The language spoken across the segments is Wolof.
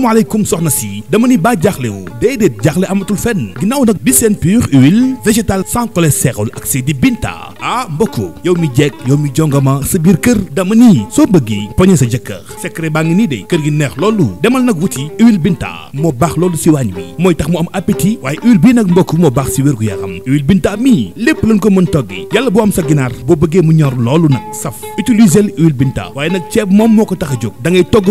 asalaamaaleykum soxna si dama ni baa jaaxlewu déedéet jaaxle amatul fenn ginnaaw nag bi seen pure huile végétale sans cholestérol ak si di binta ah mbokku yow mi jeeg yow mi jongama sa biir kër dama nii soo bëggi poñe sa jëkkër secret baa ngi nii de kër gi neex loolu demal nag wuti huile binta moo baax loolu si waañ wi mooy tax mu am appétit waaye huile bi nag mbokk moo baax si wér-gu-yaram huile binta mii lépp lañ ko mën toggi yàlla boo am sa ginaar boo bëggee mu ñor loolu nag saf utiliser huile binta waaye nag ceeb moom moo ko tax a jóg da ngay togg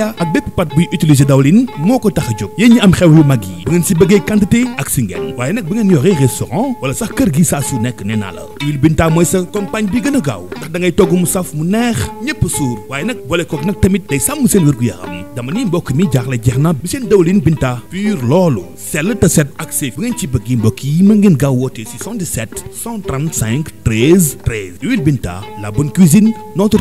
Nivea ak bépp pat buy utiliser dawlin moo ko tax a jóg yéen ñi am xew yu mag yi bu ngeen si bëggee quantité ak si ngeen waaye nag bu ngeen yoree restaurant wala sax kër gi saa su nekk nee naa la huile Binta mooy sa compagne bi gën a gaaw ndax da ngay togg mu saf mu neex ñëpp suur waaye nag boole kook nag tamit day sàmm seen wér-gu-yaram dama ni mbokk mi jaaxle jeex na bi seen dawlin Binta pur loolu sell te set ak safe bu ngeen ci bëgg mbokk yi mën ngeen gaaw woote si 77 135 13 13 huile la bonne cuisine notre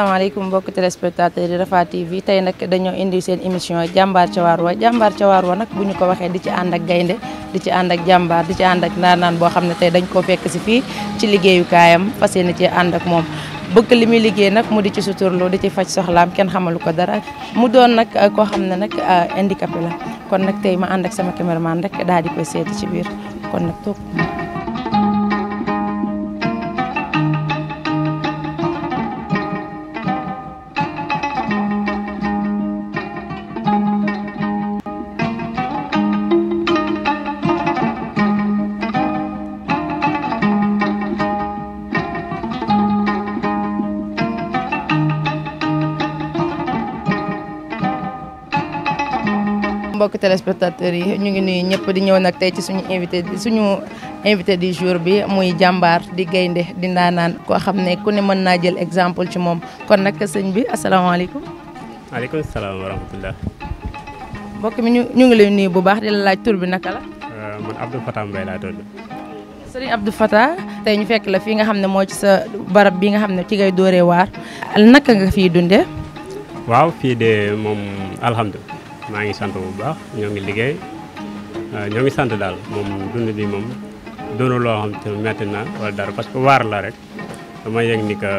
asalaamaaleykum mbokki téléspectateurs yi Rafah TV tey nag dañoo indi seen émission jàmbaar ca waar wa jàmbaar ca waar wa nag bu ñu ko waxee di ci ànd ak gaynde di ci ànd ak jàmbaar di ci ànd ak ndaanaan boo xam ne tey dañ koo fekk si fii ci liggéeyukaayam fas yéene ci ànd ak moom bëgg li muy liggéey nag mu di ci suturloo di ci faj soxlaam kenn xamalu ko dara mu doon nag uh, koo xam ne nag uh, handicapé la kon nag tey ma ànd ak sama caméraman rek daal di koy seeti ci biir kon nag mbokk téléspectateurs yi ñu ngi nuyu ñëpp di ñëw nag tey ci suñu invité suñu invité du jour bi muy jàmbaar di gaynde di naan koo xam ne ku ne mën naa jël exemple ci moom kon nag sëñ bi asalaamaaleykum. maaleykum salaam wa rahmatullah. mbokk mi ñu ñu ngi leen nuyu bu baax di la laaj tur bi naka la. Euh, man Abdou Fatah Mbaye laa tudd. sëriñ Abdou Fatah tey ñu fekk la fii nga xam ne moo ci sa barab bi nga xam ne ci ngay dóoree waar naka nga fii dundee. waaw fii de moom maa ngi sant bu baax ñoo ngi liggéey euh, ñoo ngi sant daal moom dund bi moom doonu loo xam te metti na wala dara parce que waar la rek dama yëg ni que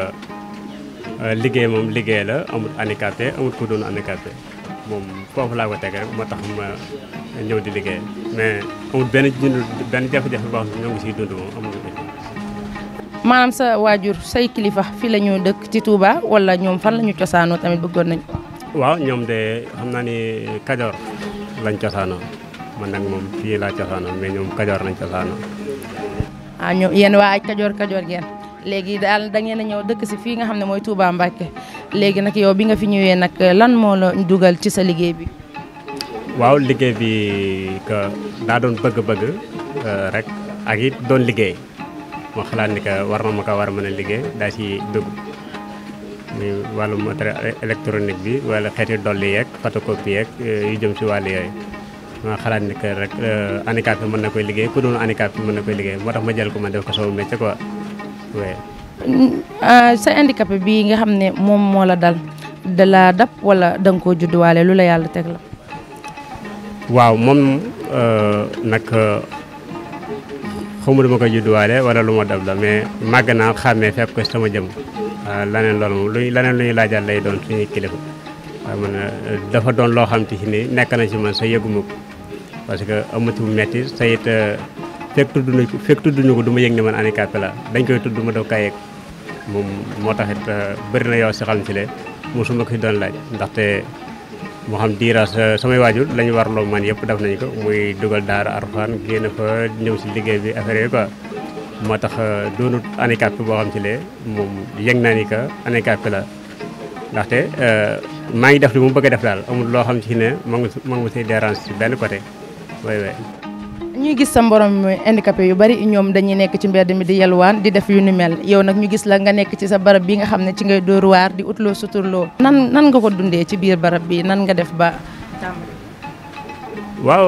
euh, liggéey moom liggéey la amut handicapé amut ku doon handicapé moom foofu laa ko teg rek moo tax ma ñëw di liggéey mais amut benn benn jafe-jafe boo xam ne ñoo dund moom amul sa waajur say kilifa fii la ñu dëkk ci Touba wala ñoom fan la ñu cosaanoo tamit bëggoon nañ waaw ñoom de xam naa ni Kajoor lañ cosaanoo man nag moom fii laa cosaano mais ñoom Kajoor lañ cosaanoo. ah ñoom yéen waa Kajoor Kajoor ngeen léegi daal da a ñëw dëkk si fii nga xam ne mooy Touba Mbacké léegi nag yow bi nga fi ñëwee nag lan moo la dugal ci sa liggéey bi. waaw liggéey bi daa doon bëgg-bëgg euh, rek ak it doon liggéey moo xalaat ni que war na ma ko war a mën liggéey daa ci dugg. wàllu matériel électronique bi wala xeeti dolli yeeg photocopie yeeg euh, yu jëm si wàll yooyu ma xalaat ni que rek euh, handicap mën na koy liggéey ku doon handicap bi mën na koy liggéey moo ma jël ko ma def ko sama métier quoi oui. Euh, sa handicapé nga xam ne moom moo la dal da wala da koo judduwaale lu yàlla teg waaw moom nag xaw dama koy judduwaale wala lu ma dab la mais màgg naa xàmmee fekk ko sama jëm. Ah, laneen loolu moom lu laneen lu ñuy laajaat lay doon suñuy kilifa waaye man eh, dafa doon loo xam te si ni nekk nañ si man sa yëguma ko parce que amatu metti sa it eh, fekk tudd nañ ko fekk tudd ko du ma yëg ne man handicapé la dañ koy tuddu ma daf kaa yëg moom moo tax it eh, bëri na yow si xam si le mosuma ko si doon laaj ndaxte moo xam diira samay waajur lañu ñu warloo man yëpp def nañ ko muy dugal daara arfaan génn fa ñëw si liggéey bi affaire yi quoi moo tax euh, doonut handicapé boo xam ci ne moom yëg naa ni que handicapé la ndaxte euh, maa ngi def li mu bëgg a def daal amul loo xam ci ne maa ngi maa ngi say dérange ci benn côté way way ñuy gis sa mborom handicapé yu bari ñoom dañuy nekk ci mbedd mi di yelwaan di def yu ni mel yow nag ñu gis la nga nekk ci sa barab bi nga xam ne ci ngay dóor waar di utloo suturloo nan nan nga ko dundee ci biir barab bii nan nga def ba tàmbali waaw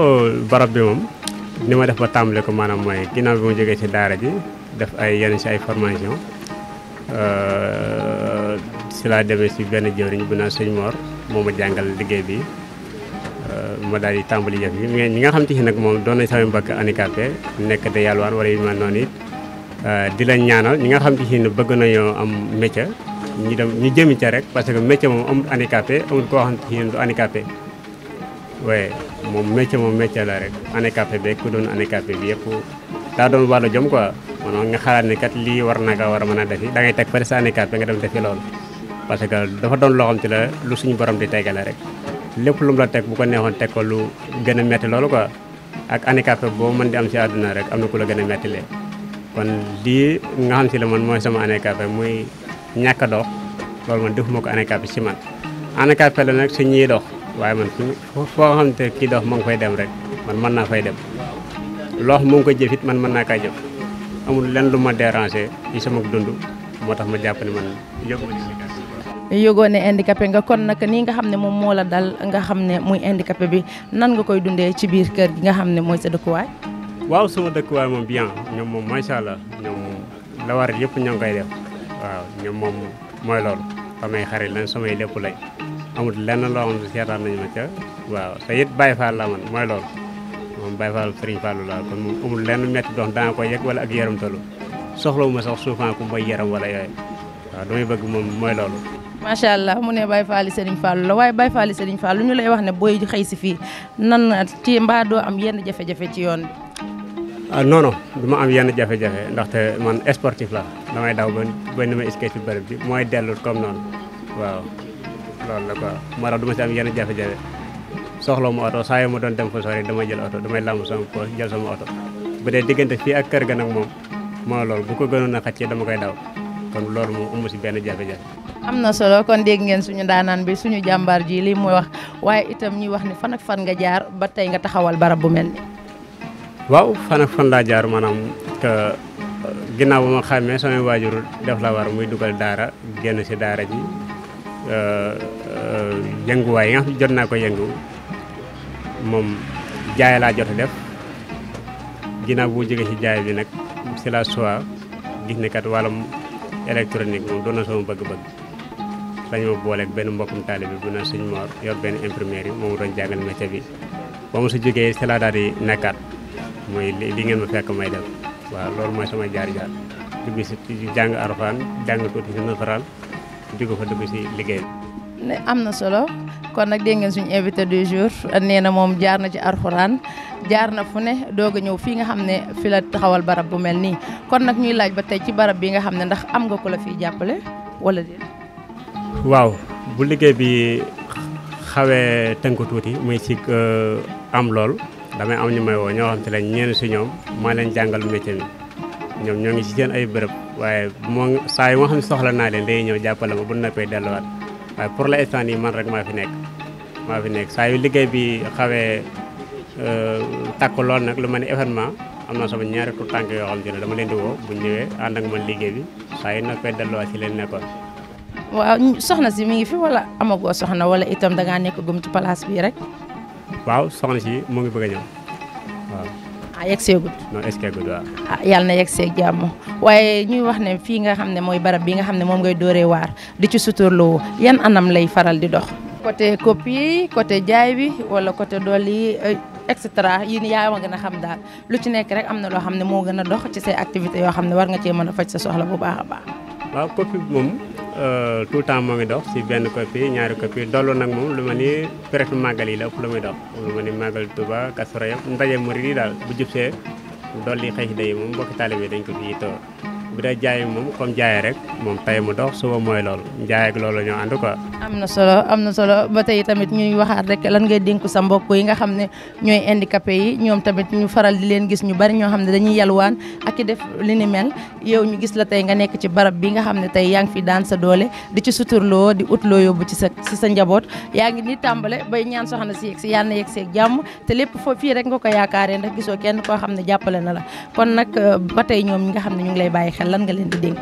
barab bi moom ni ma def ba tàmbale ko maanaam mooy ginnaaw bi ma jógee ci daara ji def ay yenn si ay formation si euh, laa demee si benn jëwriñ bu naa sëñ Mor moo ma jàngal liggéey bi euh, ma daal di tàmbali yëf yi ñi nga xam te si nag moom doon nañ samay mbokk handicapé nekk de yàlwaan wala yu mel noonu it euh, di la ñaanal ñi nga xam te si ne bëgg nañoo am métier ñu dem ñu jëmi ca rek parce que métier moom amul handicapé amul koo xam te si ne du handicapé waaye moom métier moom métier la rek handicapé beeg ku doon handicapé bi yëpp daa doon wàllu jom quoi maanaam nga xalaat ne kat lii war na ka war a mën a defi da teg fële sa handicapé nga dem defi loolu parce que dafa doon loo xam ci la lu suñu borom di tegale rek lépp lu la teg bu ko neexoon teg ko lu gën a metti loolu quoi ak handicapé boo mën di am si àdduna rek am na ku la gën a metti lee kon lii nga xam si la man mooy sama handicapé muy ñàkk a dox loolu man defuma ko handicapé si man handicapé la nag si ñiy dox waaye man foo xam te kii dox ma ngi fay dem rek man man naa fay dem lool xam ko ngi man man naa kaa jëf amul lenn lu ma déranger ci sama dund moo tax ma jàpp ne man yóbbu ma yógoo ne nga kon nag nii nga xam ne moom moo la dal nga xam ne muy handicapé bi nan nga koy dundee ci biir kër gi nga xam ne mooy sa dëkkuwaay. waaw sama dëkkuwaay moom bien ñoom moom macha allah ñoom la war yëpp ñoo ngi koy def waaw ñoom moom mooy loolu samay xarit lañ samay lépp amul lenn loo xam ne seetaan nañu ma ca waaw te it Baye Fall la man mooy loolu moom Baye Fall Serigne Fallou la kon moom amul lenn métti doon danga ko yëg wala ak yaram soxla soxlawu ma sax souvent ku mooy yaram wala yooyu waaw damay bëgg moom mooy loolu. macha allah mu ne Baye Fall Serigne Fallou la waaye Baye Fall Serigne Fallou lu ñu lay wax ne booy xëy si fii nan ci mbaa doo am yenn jafe-jafe ci yoon bi. ah am yenn jafe-jafe ndaxte man sportif la damay daw ba ba mooy dellu comme waaw. loolu la quoi moo tax du ma si am yenn jafe-jafe soxla mu oto saa yu ma doon dem fa sori damay jël oto damay làmb sama poos jël sama oto bu dee diggante fii ak kër ga nag moom moo loolu bu ko gënoon a xàccee dama koy daw kon loolu moom amu si benn jafe-jafe. am na solo kon dégg ngeen suñu daanaan bi suñu jàmbaar jii lii muy wax waaye itam ñuy wax ni fan ak fan nga jaar ba tey nga taxawal barab bu mel ni waaw fan ak fan laa jaar maanaam euh, ginnaaw ba ma xàmmee samay waajur def la war muy dugal daara génn si daara ji. Euh, euh, yënguwaay yi nga xam jot naa ko yëngu moom jaay laa jot a def ginnaaw boo jógee ci jaay bi nag si la soi gis ne kat wàllum électronique moom doon na sama bëgg-bëgg dañu ma booleeg benn mbokkum taalibe bu na suñ moor yor benn imprimerie yi moomu doon jàngal métier bi ba mu si jógee si laa daal di nekkaat mooy li ngeen ma fekk may def waaw loolu mooy sama jaar-jaar dugg si jàng arfaan jàng tuuti si nasaraan jóge fa dugg si liggéey bi. am na solo kon nag dégg ngeen suñu invité du jour nee na moom jaar na ci arxuraan jaar na fu ne doog a ñëw fii nga xam ne fi la taxawal barab bu mel nii kon nag ñuy laaj ba tey ci barab bii nga xam ne ndax am nga ko la fiy jàppale wala déet. waaw bu liggéey bi xawee tënk tuuti muy si euh, am lool damay am ñu may woo ñoo xam te ne ñenn si ñoom maa leen jàngal métier mi ñoom ñoo ngi ci seen ay bërëb waaye moo saa yi moo xam soxla naa leen day ñëw jàppale ma bu noppee delluwaat waaye pour l'instant man rek maa fi nekk maa fi nekk saa yu liggéey bi xawee euh, takk lool nag lu ma ne événement am na sama ñaari tur tànk yoo xam ne dama leen di woo bu ñëwee ànd ak man liggéey bi saa yu leen nekkoon. waaw soxna si mi ngi fi wala amagoo soxna wala itam da nekk gum ci place bi rek. waaw soxna si mu ngi bëgg a ñëw ah yegg seegul. non est-ce ah, na yegg seeg jàmm waaye ñuy wax ne fii nga xam ne mooy barab bi nga xam ne moom ngay dooree waar di ci suturloo yan anam lay faral di dox. côté copie côté jaay bi wala côté dool yi euh, et cetera yéen yaa ma gën a xam daal lu ci nekk rek am na loo xam ne moo gën a dox ci say activités yoo xam ne war nga cee mën a faj sa soxla bu baax a baax. Euh, tout le temps moo ngi dox si benn copie ñaari copie dollu nag moom lu ma ni période màggal yi la ëpp lu ma ni màggal Touba Kazu Rajab ndaje murid yi daal bu jub dolli xëy si day moom mbokki taalibe dañ ko fi yittoo bu dee jaay moom comme jaay rek moom tey mu dox suba mooy loolu jaay loolu ñoo ànd quoi. am na solo ba tey tamit ñuy waxaat rek lan ngay dénk sa mbokk yi nga xam ne ñooy handicapé yi ñoom tamit ñu faral di leen gis ñu bari ñoo xam ne dañuy yalwaan ak i def li ni mel yow ñu la tey nga nekk ci barab bi nga xam ne tey yaa ngi fi daan sa doole di ci suturloo di utloo yóbbu ci sa ci sa njaboot yaa ni tàmbale bay ñaan soxna si si yàlla na yegg seeg jàmm te lépp foo fii rek nga ko yaakaaree ndax gisoo kenn koo xam ne jàppale na la kon nag ba tey ñoom ñi nga xam ne ñu ngi lay bàyyi xel ANACAM lan nga leen di dénk.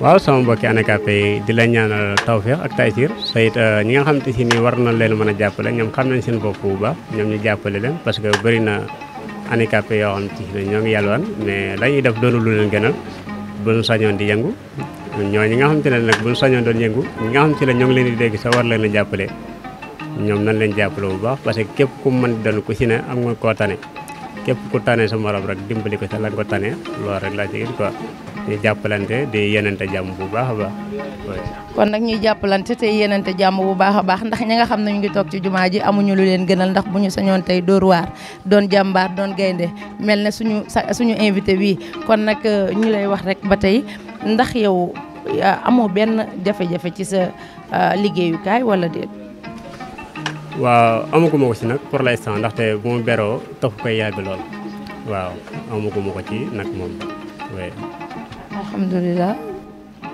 waaw sama mbokki ANACAM yi di la ñaanal tawféex ak taysiir sayit uh, ñi nga xam te si nii war na leen mën a jàppale ñoom xam nañ seen bopp bu baax ñoom ñu jàppale leen parce que bëri na handicapé yoo xam ne ñoo ngi yàlwaan mais la def doonu lu leen gënal buñ sañoon di yëngu ñoo ñi nga xam te ne bu buñ sañoon doon yëngu ñi nga xam ñoo ngi leen di dégg sa war leen a jàppale ñoom nan leen jàppale bu baax parce que képp ku mën doon ku si ne am nga koo tane képp ku tane sa morom rek dimbali ko sa lan ko tane loolu rek laa ci gis quoi di jàppalante di yenente jàmm bu baax a baax. kon nag ñuy jàppalante tey yenente jàmm bu baax a baax ndax ña nga xam ne ñu ngi toog ci jumaa ji amuñu lu leen gënal ndax bu ñu sañoon tey dóor waar doon jàmbaar doon gaynde mel ne suñu suñu invité bii kon nag euh, ñu lay wax rek ba tey ndax yow euh, amoo benn jafe-jafe ci sa euh, liggéeyukaay wala déet. waaw amaguma ko ci nag pour l'instant ndaxte bu ma beroo taxu koy yàgg lool waaw amaguma ko ci nag moom oui. alhamdulilah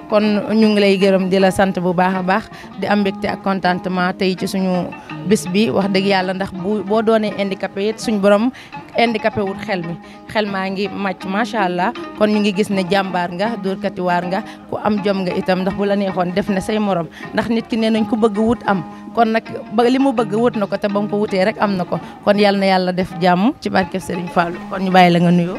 kon ñu ngi lay gërëm di la sant bu baax a baax di am mbégte ak contentement tey ci suñu bis bi wax dëgg yàlla ndax bu boo doonee handicapé it suñu borom handicapé wut xel mi xel maa ngi màcc macha allah kon ñu ngi gis ne jàmbaar nga dóorkati waar nga ku am jom nga itam ndax bu la neexoon def ne say morom ndax nit ki nee nañ ko bëgg wut am kon nag ba li mu bëgg wut na ko te ba mu ko wutee rek am na ko kon yàlla na yàlla def jàmm ci barkeb Serigne Fallou kon ñu bàyyi la nga nuyoo.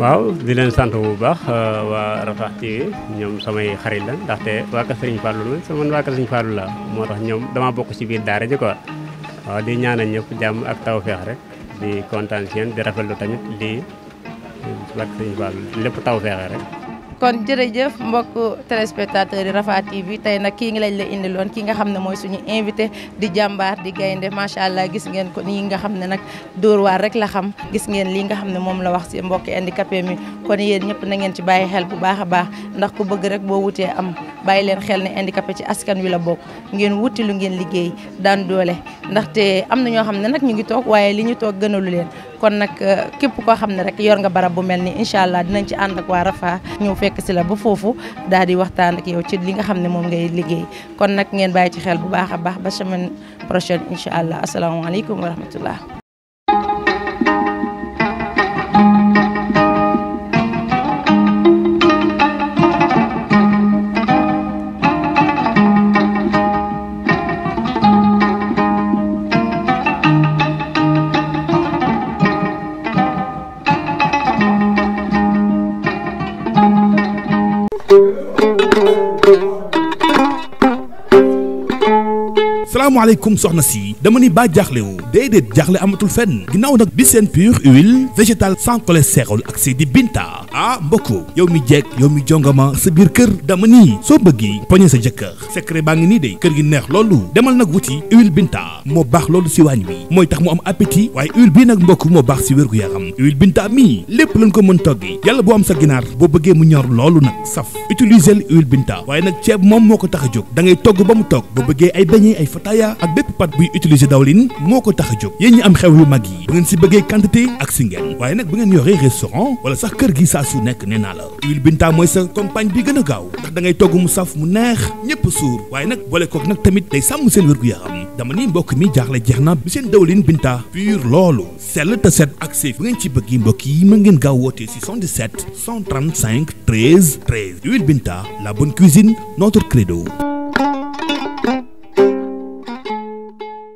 waaw di leen sant bu baax euh, waa Rafah TV ñoom samay xarit la ndaxte waa kër Serigne Fallou la sama waa kër Serigne la moo tax ñoom dama bokk ci biir daara ji quoi waaw di ñaanal ñëpp jàmm ak tawféex rek. di kontaan si yéen di rafetlu tamit lii wax dëgg lépp taw feexe rek. kon jërëjëf mbokk téléspectateurs yi Rafah TV tey nag kii ngi lañ la indiloon ki nga xam ne mooy suñu invité di jàmbaar di gaynde macha allah gis ngeen ko nii nga xam ne nag dóor waar rek la xam gis ngeen lii nga xam ne moom la wax si mbokki handicapé mi kon yéen ñëpp na ngeen ci bàyyi xel bu baax a baax ndax ku bëgg rek boo wutee am bàyyi leen xel ne indi handicapé ci askan wi la bokk ngeen wuti lu ngeen liggéey daan doole ndaxte am na ñoo xam ne nag ñu ngi toog waaye li ñu toog gënalu leen kon nag euh, képp koo xam ne rek yor nga barab bu mel ni incha allah dinañ ci ànd ak waa Rafa ñëw fekk si la ba foofu daal di waxtaan ak yow ci li nga xam ne moom ngay liggéey kon nag ngeen bàyyi ci xel bu baax a baax ba semaine prochaine incha allah asalaamaaleykum wa rahmatullah asalaamaaleykum soxna si dama ni baa jaaxlewu déedéet jaaxle amatul fenn ginnaaw nag bi seen pure huile végétale sans cholestérol ak si di binta ah mbokku yow mi jeeg yow mi jongama sa biir kër dama nii soo bëggi poñe sa jëkkër secret baa ngi nii de kër gi neex loolu demal nag wuti huile binta moo baax loolu si waañ wi mooy tax mu am appétit waaye huile bii nag mbokk moo baax si wér-gu-yaram huile binta mii lépp lañ ko mën toggi yàlla boo am sa ginaar boo bëggee mu ñor loolu nag saf utiliser huile binta waaye nag ceeb moom moo ko tax a jóg da ngay togg ba mu togg boo bëggee ay beñe ay fataya ak bépp pat buy dawlin moo ko tax a jóg yéen ñi am xew yu mag yi bu ngeen si bëggee quantité ak si waaye nag bu ngeen yoree restaurant wala saa su nekk nee naa la huile Binta mooy sa compagne bi gën a gaaw ndax da ngay togg mu saf mu neex ñëpp suur waaye nag boole kook nag tamit day sàmm seen wér-gu-yaram dama ni mbokk mi jaaxle jeex na bi seen dawlin Binta pur loolu sell te set ak seef bu ngeen ci bëgg mbokk yi ma ngeen gaaw woote si 77 135 13 13 huile Binta la bon cuisine notre credo